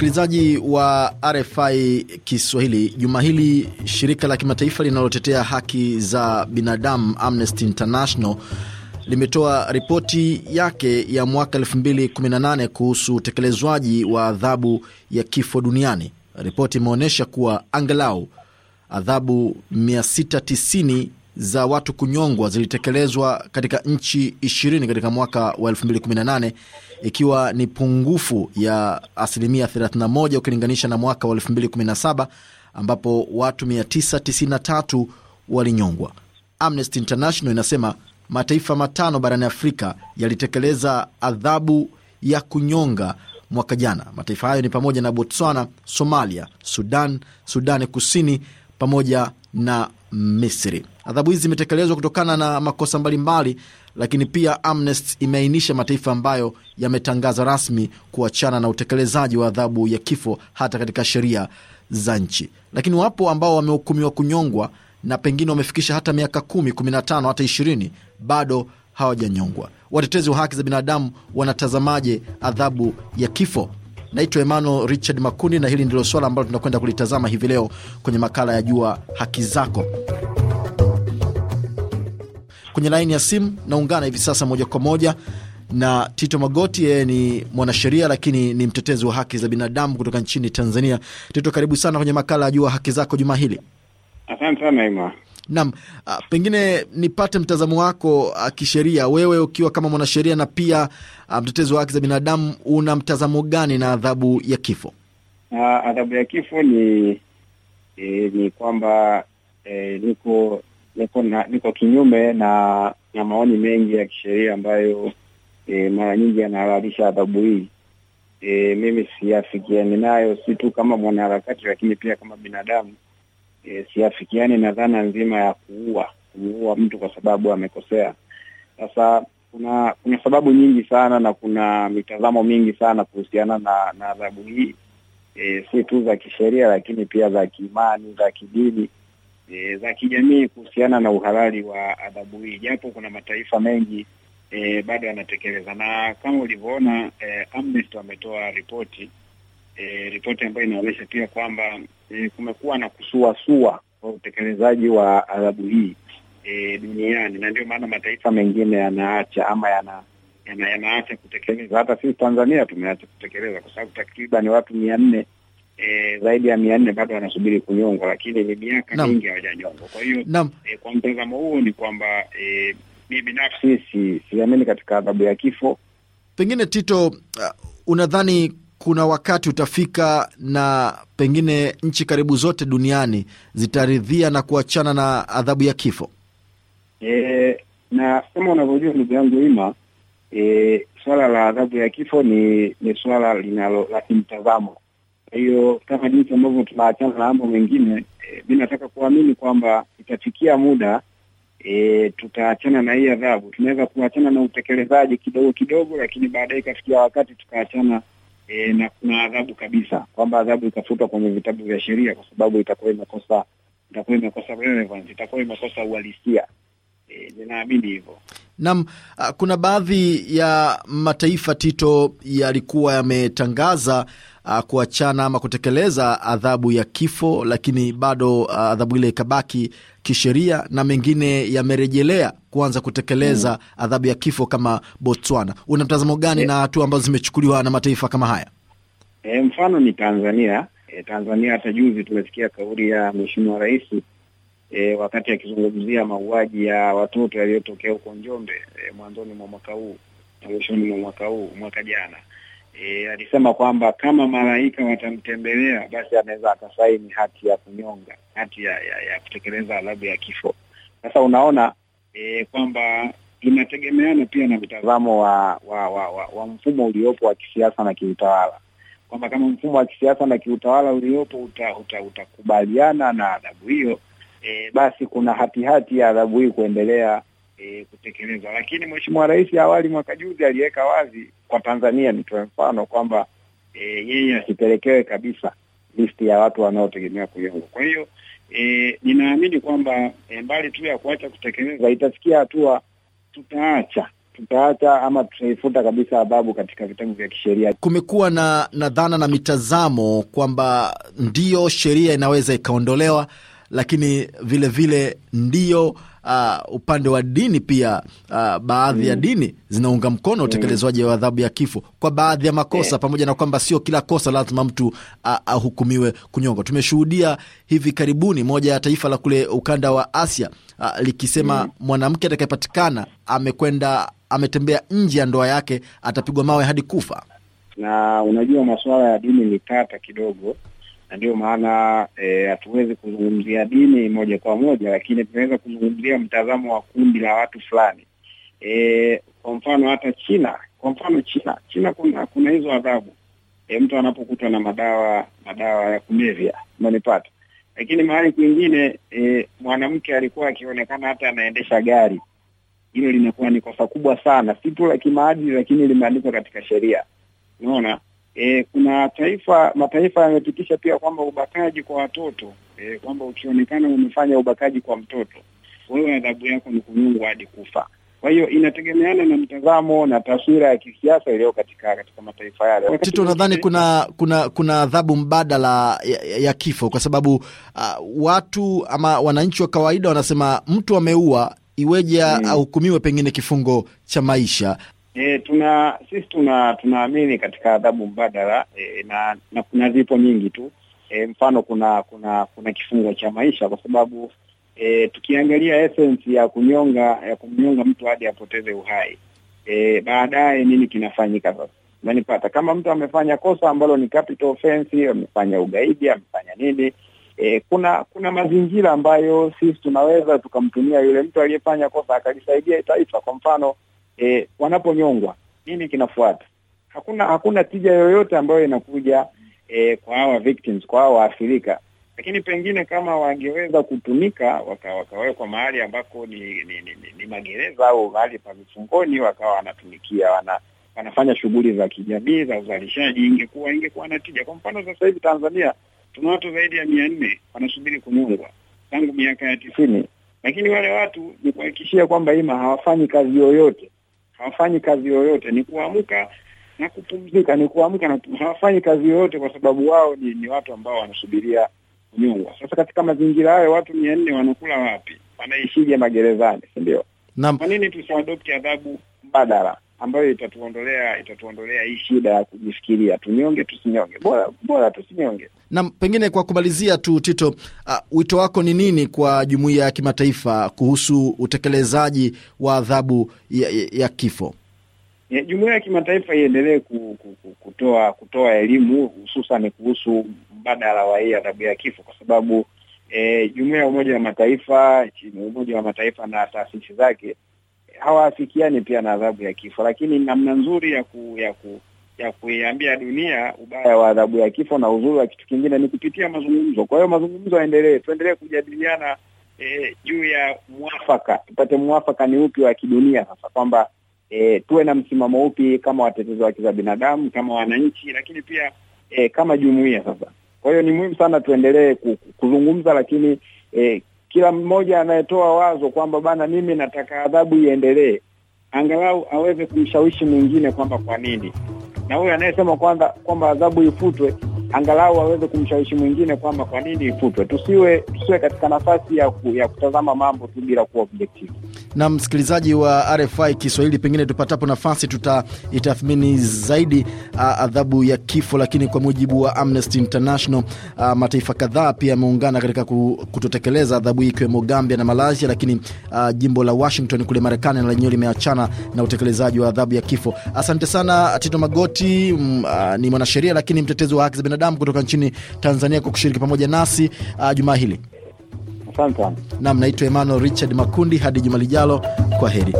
Msikilizaji wa RFI Kiswahili, juma hili shirika la kimataifa linalotetea haki za binadamu Amnesty International limetoa ripoti yake ya mwaka 2018 kuhusu utekelezwaji wa adhabu ya kifo duniani. Ripoti imeonyesha kuwa angalau adhabu 690 za watu kunyongwa zilitekelezwa katika nchi 20 katika mwaka wa 2018 ikiwa ni pungufu ya asilimia 31 ukilinganisha na mwaka wa 2017 ambapo watu 993 walinyongwa. Amnesty International inasema mataifa matano barani Afrika yalitekeleza adhabu ya kunyonga mwaka jana. Mataifa hayo ni pamoja na Botswana, Somalia, Sudan, Sudani Kusini pamoja na Misri. Adhabu hizi zimetekelezwa kutokana na makosa mbalimbali, lakini pia Amnesty imeainisha mataifa ambayo yametangaza rasmi kuachana na utekelezaji wa adhabu ya kifo hata katika sheria za nchi, lakini wapo ambao wamehukumiwa kunyongwa na pengine wamefikisha hata miaka kumi, kumi na tano, hata ishirini bado hawajanyongwa. Watetezi wa haki za binadamu wanatazamaje adhabu ya kifo? Naitwa Emmanuel Richard Makundi, na hili ndilo swala ambalo tunakwenda kulitazama hivi leo kwenye makala ya Jua Haki Zako. Kwenye laini ya simu naungana hivi sasa moja kwa moja na Tito Magoti. Yeye ni mwanasheria lakini ni mtetezi wa haki za binadamu kutoka nchini Tanzania. Tito, karibu sana kwenye makala ya Jua Haki Zako juma hili. Asante sana Ima. Naam, ah, pengine nipate mtazamo wako ah, kisheria, wewe ukiwa kama mwanasheria na pia ah, mtetezi wa haki za binadamu, una mtazamo gani na adhabu ya kifo? Adhabu ya kifo ni e, ni kwamba e, niko niko na, niko kinyume na na maoni mengi ya kisheria ambayo e, mara nyingi yanahalalisha adhabu hii. E, mimi siafikiani nayo si tu kama mwanaharakati, lakini pia kama binadamu e, siafikiani na dhana nzima ya kuua kumuua mtu kwa sababu amekosea. Sasa kuna kuna sababu nyingi sana na kuna mitazamo mingi sana kuhusiana na na adhabu hii e, si tu za kisheria, lakini pia za kiimani, za kidini e, za kijamii kuhusiana na uhalali wa adhabu hii, japo kuna mataifa mengi e, bado yanatekeleza, na kama ulivyoona e, Amnesty wametoa ripoti e, ripoti ambayo inaonyesha pia kwamba e, kumekuwa na kusuasua kwa utekelezaji wa adhabu hii e, duniani, na ndio maana mataifa mengine yanaacha ama yana yana yanaacha kutekeleza. Hata sisi Tanzania tumeacha kutekeleza kwa sababu takriban watu mia nne E, zaidi ya mia nne bado wanasubiri kunyongwa, lakini ni miaka mingi hawajanyongwa. Kwa hiyo e, kwa mtazamo huo ni kwamba e, mi binafsi siamini katika adhabu ya kifo. Pengine Tito, uh, unadhani kuna wakati utafika na pengine nchi karibu zote duniani zitaridhia na kuachana na adhabu ya kifo? E, na kama unavyojua ndugu yangu Ima, e, swala la adhabu ya kifo ni ni swala linalo la kimtazamo. Kwa hiyo kama jinsi ambavyo tunaachana na mambo mengine, e, mi nataka kuamini kwamba itafikia muda e, tutaachana na hii adhabu. Tunaweza kuachana na utekelezaji kidogo kidogo, lakini baadaye ikafikia wakati tukaachana e, na kuna adhabu kabisa, kwamba adhabu itafutwa kwenye vitabu vya sheria kwa sababu itakuwa imekosa itakuwa imekosa relevance, itakuwa imekosa uhalisia. E, ninaamini hivyo. nam ah, kuna baadhi ya mataifa Tito yalikuwa yametangaza Uh, kuachana ama kutekeleza adhabu ya kifo, lakini bado uh, adhabu ile ikabaki kisheria na mengine yamerejelea kuanza kutekeleza mm. adhabu ya kifo kama Botswana. Una mtazamo gani yeah. na hatua ambazo zimechukuliwa na mataifa kama haya? E, mfano ni Tanzania. E, Tanzania hata juzi tumesikia kauli ya Mheshimiwa Rais e, wakati akizungumzia mauaji ya watoto yaliyotokea huko Njombe e, mwanzoni mwa mwaka huu na mwishoni mwa mwaka huu mwaka jana e, alisema kwamba kama malaika watamtembelea basi anaweza akasaini hati ya kunyonga, hati ya, ya, ya kutekeleza adhabu ya kifo. Sasa unaona e, kwamba inategemeana pia na mtazamo wa wa, wa, wa, wa mfumo uliopo wa kisiasa na kiutawala, kwamba kama mfumo wa kisiasa na kiutawala uliopo utakubaliana uta, uta na adhabu hiyo e, basi kuna hatihati ya adhabu hii kuendelea e, kutekelezwa. Lakini Mheshimiwa Rais awali mwaka juzi aliweka wazi kwa Tanzania nitoe mfano kwamba e, yeye asipelekewe kabisa listi ya watu wanaotegemea kunyongwa. Kwa hiyo e, ninaamini kwamba e, mbali tu ya kuacha kutekeleza, itafikia hatua tutaacha tutaacha ama tutaifuta kabisa adhabu katika vitengo vya kisheria. Kumekuwa na, na dhana na mitazamo kwamba ndiyo sheria inaweza ikaondolewa, lakini vilevile vile ndiyo uh, upande wa dini pia uh, baadhi mm. ya dini zinaunga mkono utekelezwaji mm. wa adhabu ya kifo kwa baadhi ya makosa yeah. pamoja na kwamba sio kila kosa lazima mtu uh, ahukumiwe uh, uh, kunyongwa. Tumeshuhudia hivi karibuni moja ya taifa la kule ukanda wa Asia uh, likisema mm. mwanamke atakayepatikana amekwenda ametembea nje ya ndoa yake atapigwa mawe hadi kufa. Na unajua masuala ya dini ni tata kidogo na ndio maana eh, hatuwezi e, kuzungumzia dini moja kwa moja, lakini tunaweza kuzungumzia mtazamo wa kundi la watu fulani e, kwa mfano hata China. Kwa mfano China, China kuna kuna hizo adhabu e, mtu anapokutwa na madawa madawa ya kulevya umenipata. Lakini mahali kwingine e, mwanamke alikuwa akionekana hata anaendesha gari, hilo linakuwa ni kosa kubwa sana, si tu la kimaadili, lakini limeandikwa katika sheria, unaona E, kuna taifa mataifa yamepitisha pia kwamba ubakaji kwa watoto e, kwamba ukionekana umefanya ubakaji kwa mtoto wewe adhabu yako ni kunyongwa hadi kufa. Kwa hiyo inategemeana na mtazamo na taswira ya kisiasa iliyo katika katika mataifa yale. Tito, nadhani kuna kuna kuna adhabu mbadala ya, ya kifo kwa sababu uh, watu ama wananchi wa kawaida wanasema mtu ameua iweje, hmm, ahukumiwe pengine kifungo cha maisha. E, tuna sisi tuna tunaamini katika adhabu mbadala e, na, na kuna zipo nyingi tu e, mfano kuna kuna kuna kifungo cha maisha kwa sababu e, tukiangalia essence ya kunyonga ya kumnyonga mtu hadi apoteze uhai e, baadaye nini kinafanyika sasa? Unanipata? Kama mtu amefanya kosa ambalo ni capital offense, amefanya ugaidi, amefanya nini E, kuna kuna mazingira ambayo sisi tunaweza tukamtumia yule mtu aliyefanya kosa akalisaidia taifa. Kwa mfano e, wanaponyongwa nini kinafuata? Hakuna hakuna tija yoyote ambayo inakuja e, kwa hawa victims, kwa hawa waathirika. Lakini pengine kama wangeweza kutumika waka, wakawekwa mahali ambako ni ni, ni, ni magereza au mahali pa vifungoni, wakawa wanatumikia wana wanafanya shughuli za kijamii za uzalishaji, ingekuwa ingekuwa na tija. Kwa mfano sasa hivi Tanzania tuna watu zaidi ya mia nne wanasubiri kunyongwa tangu miaka ya tisini, lakini wale watu ni kuhakikishia kwamba ima hawafanyi kazi yoyote hawafanyi kazi yoyote, ni kuamka na kupumzika, ni kuamka na hawafanyi kazi yoyote, kwa sababu wao ni, ni watu ambao wanasubiria kunyongwa. Sasa katika mazingira hayo watu mia nne wanakula wapi? Wanaishije magerezani, si ndio? Kwa nini tusiadopti adhabu mbadala? ambayo itatuondolea itatuondolea hii shida ya kujifikiria tunyonge tusinyonge, bora bora tusinyonge. Na pengine kwa kumalizia tu, Tito, uh, wito wako ni nini kwa jumuiya ya kimataifa kuhusu utekelezaji wa adhabu ya, ya, ya kifo? Jumuiya ya kimataifa iendelee ku, ku, ku, kutoa kutoa elimu hususan kuhusu mbadala wa hii adhabu ya kifo kwa sababu eh, jumuiya ya Umoja wa Mataifa chini Umoja wa Mataifa na taasisi zake hawaafikiani pia na adhabu ya kifo, lakini namna nzuri ya ku, ya ku, ya kuiambia dunia ubaya wa adhabu ya kifo na uzuri wa kitu kingine ni kupitia mazungumzo. Kwa hiyo mazungumzo yaendelee, tuendelee kujadiliana e, juu ya mwafaka, tupate mwafaka ni upi wa kidunia sasa, kwamba e, tuwe na msimamo upi kama watetezi wa haki za binadamu, kama wananchi, lakini pia e, kama jumuiya sasa. Kwa hiyo ni muhimu sana tuendelee kuzungumza, lakini e, kila mmoja anayetoa wazo kwamba bana, mimi nataka adhabu iendelee, angalau aweze kumshawishi mwingine kwamba kwa nini, na huyo anayesema kwamba kwamba adhabu ifutwe angalau waweze kumshawishi mwingine kwamba kwa nini ifutwe. Tusiwe tusiwe katika nafasi ya, ku, ya kutazama mambo tu bila kuwa objective. Na msikilizaji wa RFI Kiswahili, pengine tupatapo nafasi tutaitathmini zaidi adhabu ya kifo, lakini kwa mujibu wa Amnesty International a, mataifa kadhaa pia yameungana katika kutotekeleza adhabu hii ikiwemo Gambia na Malaysia, lakini a, jimbo la Washington kule Marekani na lenyewe limeachana na utekelezaji wa adhabu ya kifo. Asante sana Tito Magoti m, a, ni mwanasheria lakini mtetezi wa haki za binadamu binadamu kutoka nchini Tanzania kwa kushiriki pamoja nasi uh, jumaa hili. Asante naitwa Emmanuel Richard Makundi. Hadi juma lijalo, kwa heri.